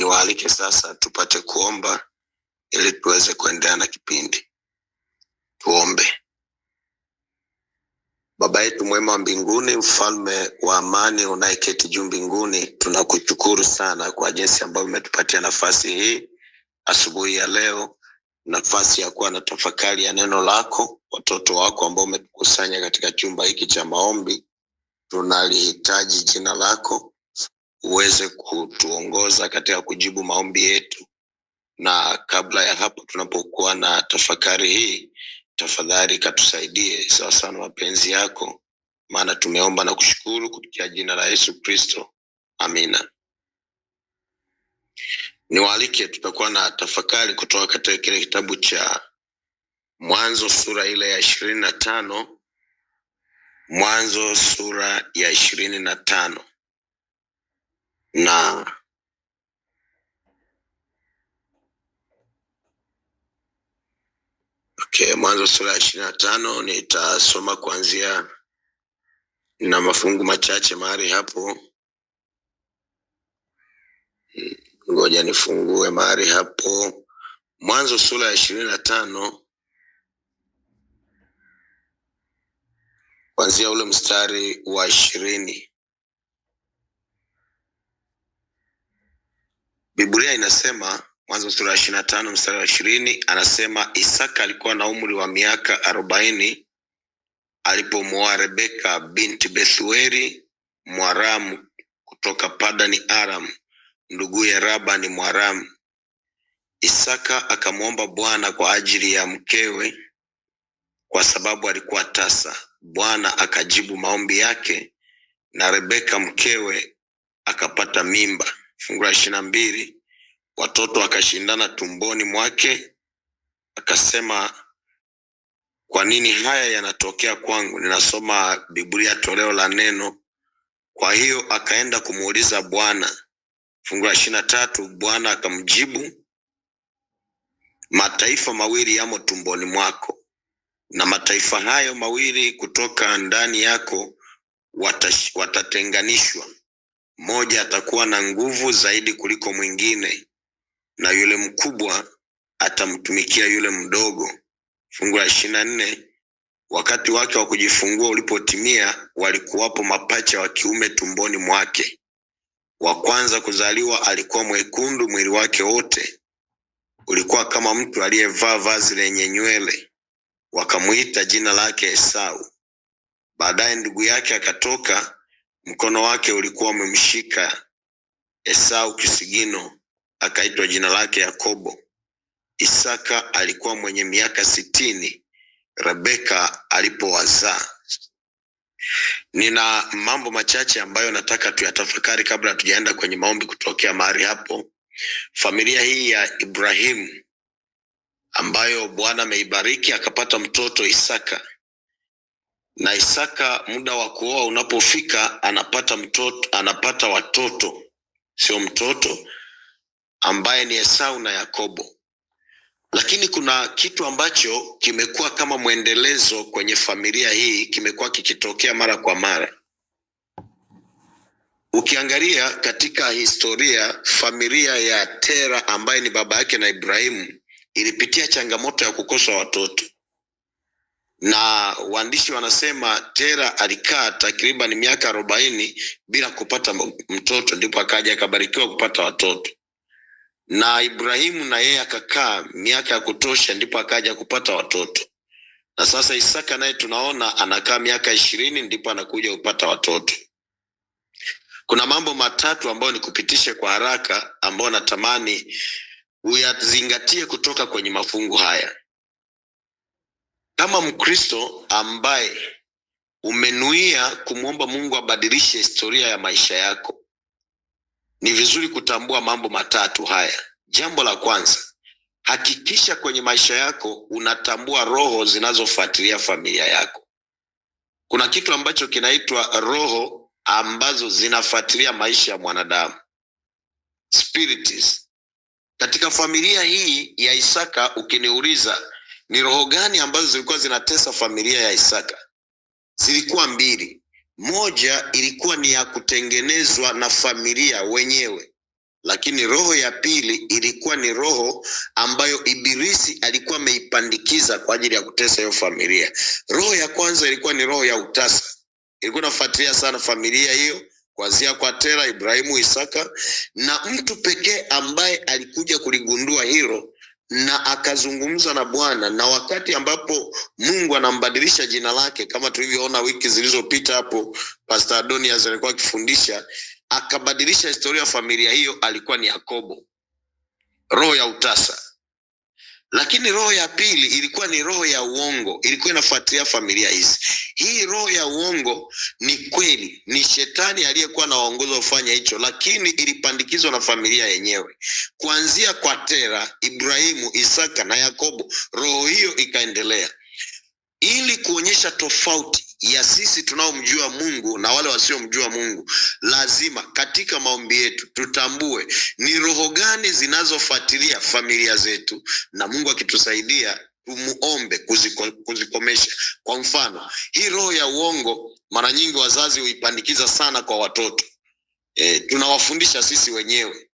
niwaalike sasa tupate kuomba ili tuweze kuendelea na kipindi. Tuombe. Baba yetu mwema wa mbinguni, mfalme wa amani unayeketi juu mbinguni, tunakushukuru sana kwa jinsi ambayo umetupatia nafasi hii asubuhi ya leo, nafasi ya kuwa na tafakari ya neno lako. Watoto wako ambao umetukusanya katika chumba hiki cha maombi, tunalihitaji jina lako uweze kutuongoza katika kujibu maombi yetu na kabla ya hapo tunapokuwa na tafakari hii tafadhali katusaidie sawasawa na mapenzi yako maana tumeomba na kushukuru kupitia jina la yesu kristo amina niwaalike tutakuwa na tafakari kutoka katika kile kitabu cha mwanzo sura ile ya ishirini na tano mwanzo sura ya ishirini na tano na okay, Mwanzo sura ya ishirini na tano nitasoma kuanzia na mafungu machache mahali hapo. Ngoja nifungue mahali hapo, Mwanzo sura ya ishirini na tano kuanzia ule mstari wa ishirini. Biblia inasema Mwanzo sura ya ishirini na tano mstari wa ishirini anasema Isaka alikuwa na umri wa miaka arobaini alipomwoa Rebeka binti Bethueli Mwaramu kutoka Padani Aram, raba ni Mwaramu. Isaka akamwomba Bwana kwa ajili ya mkewe kwa sababu alikuwa tasa. Bwana akajibu maombi yake na Rebeka mkewe akapata mimba fungu la ishirini na mbili watoto wakashindana tumboni mwake, akasema kwa nini haya yanatokea kwangu? Ninasoma Biblia toleo la Neno. Kwa hiyo akaenda kumuuliza Bwana. Fungu la ishirini na tatu Bwana akamjibu, mataifa mawili yamo tumboni mwako, na mataifa hayo mawili kutoka ndani yako watash, watatenganishwa mmoja atakuwa na nguvu zaidi kuliko mwingine, na yule mkubwa atamtumikia yule mdogo. Fungu la ishirini na nne wakati wake wa kujifungua ulipotimia, walikuwapo mapacha wa kiume tumboni mwake. Wa kwanza kuzaliwa alikuwa mwekundu, mwili wake wote ulikuwa kama mtu aliyevaa vazi lenye nywele. Wakamuita jina lake Esau. Baadaye ndugu yake akatoka Mkono wake ulikuwa umemshika Esau kisigino, akaitwa jina lake Yakobo. Isaka alikuwa mwenye miaka sitini Rebeka alipowazaa. Nina mambo machache ambayo nataka tuyatafakari kabla tujaenda kwenye maombi kutokea mahali hapo. Familia hii ya Ibrahimu ambayo Bwana ameibariki akapata mtoto Isaka na Isaka muda wa kuoa unapofika anapata mtoto, anapata watoto sio mtoto ambaye ni Esau na Yakobo. Lakini kuna kitu ambacho kimekuwa kama mwendelezo kwenye familia hii, kimekuwa kikitokea mara kwa mara. Ukiangalia katika historia, familia ya Tera ambaye ni baba yake na Ibrahimu ilipitia changamoto ya kukosa watoto na waandishi wanasema Tera alikaa takriban miaka arobaini bila kupata mtoto, ndipo akaja akabarikiwa kupata watoto. Na Ibrahimu na yeye akakaa miaka ya kutosha, ndipo akaja kupata watoto. Na sasa Isaka naye tunaona anakaa miaka ishirini, ndipo anakuja kupata watoto. Kuna mambo matatu ambayo ni kupitisha kwa haraka, ambayo natamani uyazingatie kutoka kwenye mafungu haya kama Mkristo ambaye umenuia kumwomba Mungu abadilishe historia ya maisha yako, ni vizuri kutambua mambo matatu haya. Jambo la kwanza, hakikisha kwenye maisha yako unatambua roho zinazofuatilia familia yako. Kuna kitu ambacho kinaitwa roho ambazo zinafuatilia maisha ya mwanadamu, spirits. Katika familia hii ya Isaka, ukiniuliza ni roho gani ambazo zilikuwa zinatesa familia ya Isaka? Zilikuwa mbili. Moja ilikuwa ni ya kutengenezwa na familia wenyewe, lakini roho ya pili ilikuwa ni roho ambayo Ibilisi alikuwa ameipandikiza kwa ajili ya kutesa hiyo familia. Roho ya kwanza ilikuwa ni roho ya utasa, ilikuwa inafuatilia sana familia hiyo kuanzia kwa Tera, Ibrahimu, Isaka, na mtu pekee ambaye alikuja kuligundua hilo na akazungumza na Bwana, na wakati ambapo Mungu anambadilisha jina lake, kama tulivyoona wiki zilizopita hapo, Pastor Adonias alikuwa akifundisha, akabadilisha historia ya familia hiyo, alikuwa ni Yakobo, roho ya utasa lakini roho ya pili ilikuwa ni roho ya uongo, ilikuwa inafuatilia familia hizi. Hii roho ya uongo ni kweli, ni shetani aliyekuwa anawaongoza kufanya hicho, lakini ilipandikizwa na familia yenyewe, kuanzia kwa Tera, Ibrahimu, Isaka na Yakobo. Roho hiyo ikaendelea ili kuonyesha tofauti ya sisi tunaomjua Mungu na wale wasiomjua Mungu. Lazima katika maombi yetu tutambue ni roho gani zinazofuatilia familia zetu, na Mungu akitusaidia tumuombe kuziko, kuzikomesha. Kwa mfano, hii roho ya uongo mara nyingi wazazi huipandikiza sana kwa watoto. E, tunawafundisha sisi wenyewe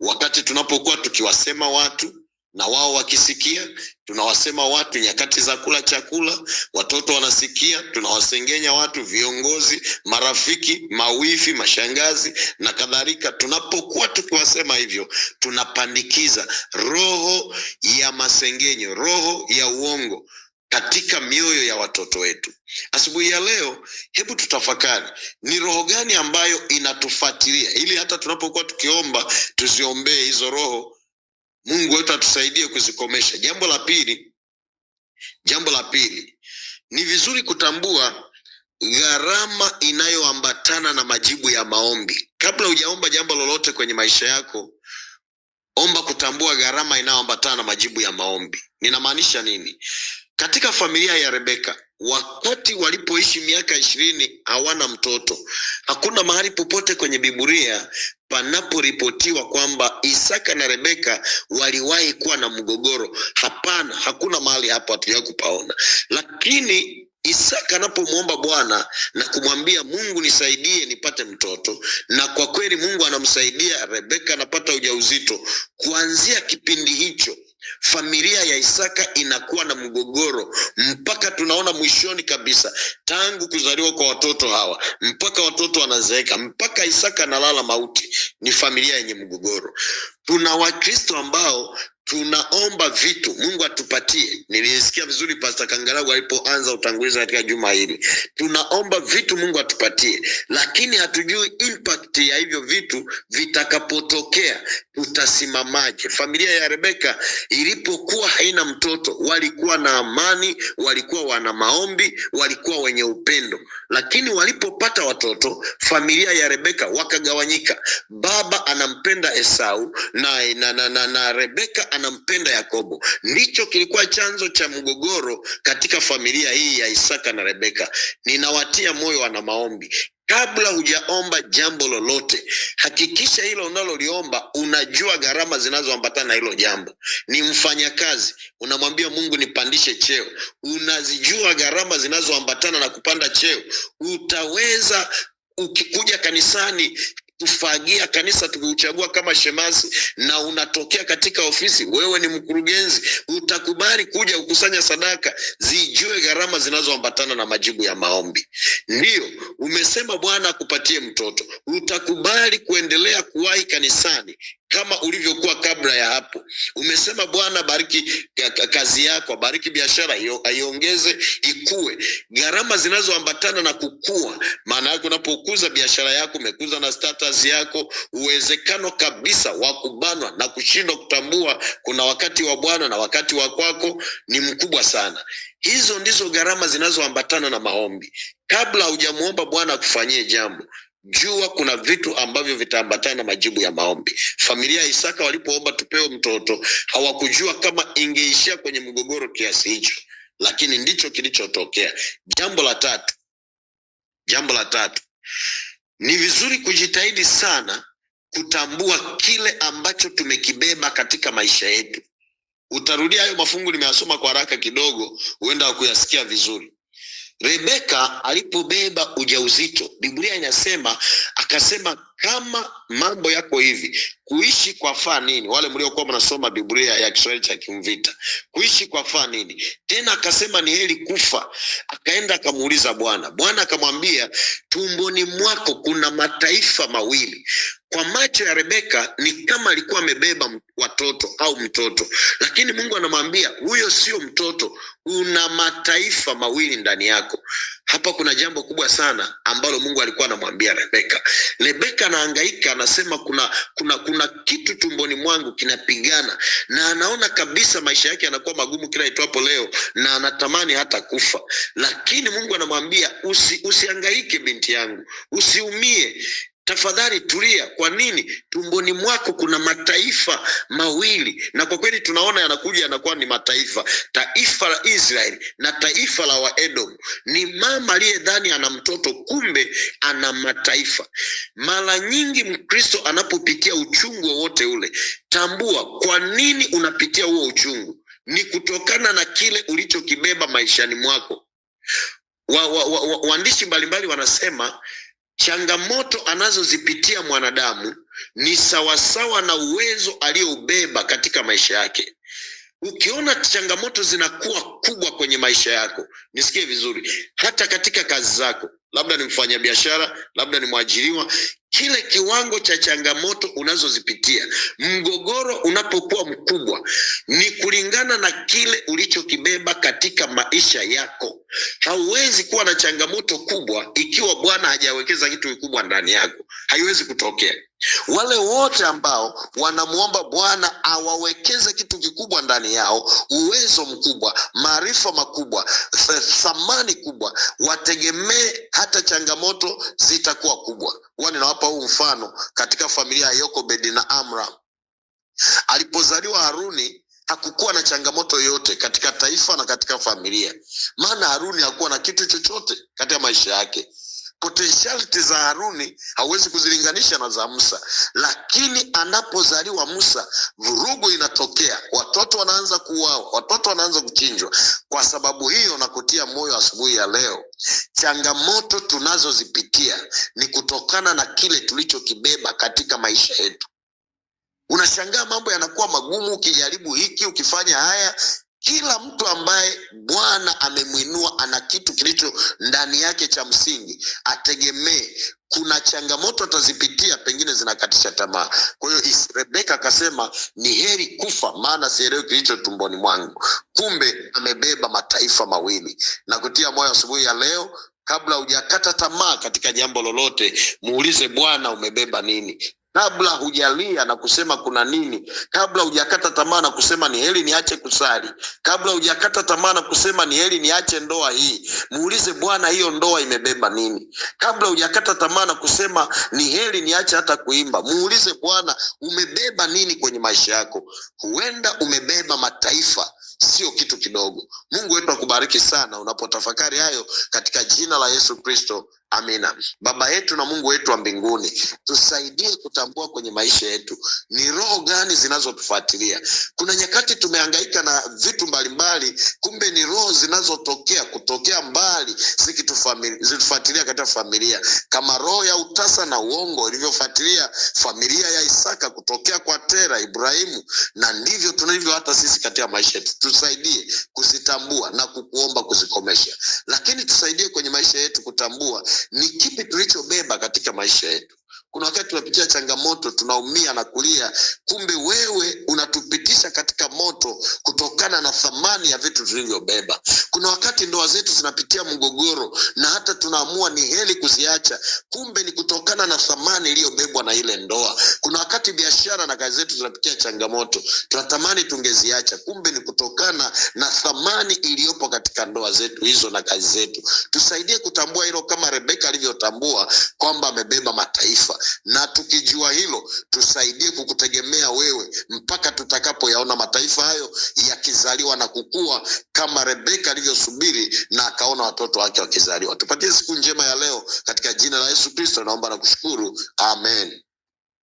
wakati tunapokuwa tukiwasema watu na wao wakisikia, tunawasema watu nyakati za kula chakula, watoto wanasikia, tunawasengenya watu, viongozi, marafiki, mawifi, mashangazi na kadhalika. Tunapokuwa tukiwasema hivyo, tunapandikiza roho ya masengenyo, roho ya uongo katika mioyo ya watoto wetu. Asubuhi ya leo, hebu tutafakari ni roho gani ambayo inatufuatilia, ili hata tunapokuwa tukiomba tuziombee hizo roho Mungu wetu atusaidie kuzikomesha. Jambo la pili, jambo la pili, ni vizuri kutambua gharama inayoambatana na majibu ya maombi. Kabla hujaomba jambo lolote kwenye maisha yako, omba kutambua gharama inayoambatana na majibu ya maombi. Ninamaanisha nini? Katika familia ya Rebeka, wakati walipoishi miaka ishirini hawana mtoto. Hakuna mahali popote kwenye Biblia panaporipotiwa kwamba Isaka na Rebeka waliwahi kuwa na mgogoro. Hapana, hakuna mahali hapo hatujawahi kupaona, lakini Isaka anapomwomba Bwana na kumwambia Mungu, nisaidie nipate mtoto, na kwa kweli Mungu anamsaidia. Rebeka anapata ujauzito. Kuanzia kipindi hicho familia ya Isaka inakuwa na mgogoro mpaka tunaona mwishoni kabisa, tangu kuzaliwa kwa watoto hawa mpaka watoto wanazeeka mpaka Isaka analala mauti, ni familia yenye mgogoro. Tuna Wakristo ambao tunaomba vitu Mungu atupatie. Nilisikia vizuri Pastor Kangaragu alipoanza utangulizi katika juma hili, tunaomba vitu Mungu atupatie, lakini hatujui impact ya hivyo vitu vitakapotokea, tutasimamaje? Familia ya Rebeka ilipokuwa haina mtoto, walikuwa na amani, walikuwa wana maombi, walikuwa wenye upendo, lakini walipopata watoto, familia ya Rebeka wakagawanyika. Baba anampenda Esau na, na, na, na, na Rebeka anampenda Yakobo. Ndicho kilikuwa chanzo cha mgogoro katika familia hii ya Isaka na Rebeka. Ninawatia moyo wana maombi, kabla hujaomba jambo lolote, hakikisha hilo unaloliomba unajua gharama zinazoambatana na hilo jambo. Ni mfanyakazi, unamwambia Mungu nipandishe cheo, unazijua gharama zinazoambatana na kupanda cheo. Utaweza ukikuja kanisani kufagia kanisa tukiuchagua kama shemasi na unatokea katika ofisi, wewe ni mkurugenzi, utakubali kuja kukusanya sadaka? Zijue gharama zinazoambatana na majibu ya maombi. Ndiyo umesema Bwana akupatie mtoto, utakubali kuendelea kuwahi kanisani kama ulivyokuwa kabla ya hapo. Umesema Bwana, bariki kazi yako, bariki biashara aiongeze, ikue. Gharama zinazoambatana na kukua, maana yake unapokuza biashara yako, umekuza na status yako, uwezekano kabisa wa kubanwa na kushindwa kutambua kuna wakati wa Bwana na wakati wa kwako ni mkubwa sana. Hizo ndizo gharama zinazoambatana na maombi. Kabla hujamuomba Bwana akufanyie jambo jua kuna vitu ambavyo vitaambatana na majibu ya maombi. Familia ya Isaka walipoomba tupewe mtoto, hawakujua kama ingeishia kwenye mgogoro kiasi hicho, lakini ndicho kilichotokea. Jambo la tatu, jambo la tatu, ni vizuri kujitahidi sana kutambua kile ambacho tumekibeba katika maisha yetu. Utarudia hayo mafungu, nimeyasoma kwa haraka kidogo, huenda hakuyasikia vizuri. Rebeka alipobeba ujauzito, Biblia inasema akasema, kama mambo yako hivi, kuishi kwa faa nini? Wale mliokuwa mnasoma Biblia ya Kiswahili cha Kimvita, kuishi kwa faa nini? Tena akasema ni heri kufa. Akaenda akamuuliza Bwana, Bwana akamwambia tumboni mwako kuna mataifa mawili kwa macho ya Rebeka ni kama alikuwa amebeba watoto au mtoto, lakini Mungu anamwambia huyo sio mtoto, una mataifa mawili ndani yako. Hapa kuna jambo kubwa sana ambalo Mungu alikuwa anamwambia Rebeka. Rebeka anahangaika, anasema kuna, kuna, kuna kitu tumboni mwangu kinapigana, na anaona kabisa maisha yake yanakuwa magumu kila itwapo leo, na anatamani hata kufa, lakini Mungu anamwambia usi, usihangaike binti yangu, usiumie tafadhali tulia. Kwa nini? Tumboni mwako kuna mataifa mawili, na kwa kweli tunaona yanakuja yanakuwa ni mataifa, taifa la Israeli na taifa la Waedomu. Ni mama aliyedhani ana mtoto, kumbe ana mataifa. Mara nyingi Mkristo anapopitia uchungu wowote ule, tambua kwa nini unapitia huo uchungu. Ni kutokana na kile ulichokibeba maishani mwako. Waandishi wa, wa, wa, mbalimbali wanasema changamoto anazozipitia mwanadamu ni sawasawa na uwezo aliyoubeba katika maisha yake. Ukiona changamoto zinakuwa kubwa kwenye maisha yako, nisikie vizuri, hata katika kazi zako, labda ni mfanyabiashara, labda ni mwajiriwa, kile kiwango cha changamoto unazozipitia. Mgogoro unapokuwa mkubwa, ni kulingana na kile ulichokibeba katika maisha yako. Hauwezi kuwa na changamoto kubwa ikiwa Bwana hajawekeza kitu kikubwa ndani yako, haiwezi kutokea. Wale wote ambao wanamwomba Bwana awawekeze kitu kikubwa ndani yao, uwezo mkubwa, maarifa makubwa, thamani kubwa, wategemee hata changamoto zitakuwa kubwa huwa ninawapa huu mfano katika familia ya Yokobedi na Amram. Alipozaliwa Haruni hakukuwa na changamoto yoyote katika taifa na katika familia, maana Haruni hakuwa na kitu chochote katika maisha yake potentiality za Haruni hauwezi kuzilinganisha na za Musa, lakini anapozaliwa Musa vurugu inatokea, watoto wanaanza kuuawa, watoto wanaanza kuchinjwa. Kwa sababu hiyo, na kutia moyo asubuhi ya leo, changamoto tunazozipitia ni kutokana na kile tulichokibeba katika maisha yetu. Unashangaa mambo yanakuwa magumu, ukijaribu hiki, ukifanya haya, kila mtu ambaye Bwana amemwinua ana kitu kilicho ndani yake cha msingi, ategemee kuna changamoto atazipitia, pengine zinakatisha tamaa. Kwa hiyo Rebeka akasema ni heri kufa, maana sielewi kilicho tumboni mwangu. Kumbe amebeba mataifa mawili na kutia moyo asubuhi ya leo. Kabla hujakata tamaa katika jambo lolote, muulize Bwana, umebeba nini? kabla hujalia na kusema kuna nini, kabla hujakata tamaa na kusema ni heli niache kusali, kabla hujakata tamaa na kusema ni heli niache ndoa hii, muulize Bwana, hiyo ndoa imebeba nini? Kabla hujakata tamaa na kusema ni heli niache hata kuimba, muulize Bwana, umebeba nini kwenye maisha yako? Huenda umebeba mataifa, sio kitu kidogo. Mungu wetu akubariki sana unapotafakari hayo katika jina la Yesu Kristo. Amina. Baba yetu na Mungu wetu wa mbinguni, tusaidie kutambua kwenye maisha yetu ni roho gani zinazotufuatilia. Kuna nyakati tumehangaika na vitu mbalimbali, kumbe ni roho zinazotokea kutokea mbali zikitufuatilia katika familia, kama roho ya utasa na uongo ilivyofuatilia familia ya Isaka kutokea kwa Tera, Ibrahimu, na ndivyo tunavyo hata sisi katika maisha yetu. Tusaidie kuzitambua na kukuomba kuzikomesha, lakini tusaidie kwenye maisha yetu kutambua ni kipi tulichobeba katika maisha yetu. Kuna wakati tunapitia changamoto, tunaumia na kulia, kumbe wewe unatupitisha katika moto kutokana na thamani ya vitu tulivyobeba. Kuna wakati ndoa zetu zinapitia mgogoro na hata tunaamua ni heli kuziacha, kumbe ni kutokana na thamani iliyobebwa na ile ndoa. Kuna wakati biashara na kazi zetu zinapitia changamoto, tunatamani tungeziacha, kumbe ni kutokana na thamani iliyopo katika ndoa zetu hizo na kazi zetu. Tusaidie kutambua hilo kama Rebeka alivyotambua kwamba amebeba mataifa na tukijua hilo, tusaidie kukutegemea wewe mpaka tutakapoyaona mataifa hayo yakizaliwa na kukua kama Rebeka alivyosubiri na akaona watoto wake wakizaliwa. Tupatie siku njema ya leo katika jina la Yesu Kristo, naomba na kushukuru, amen.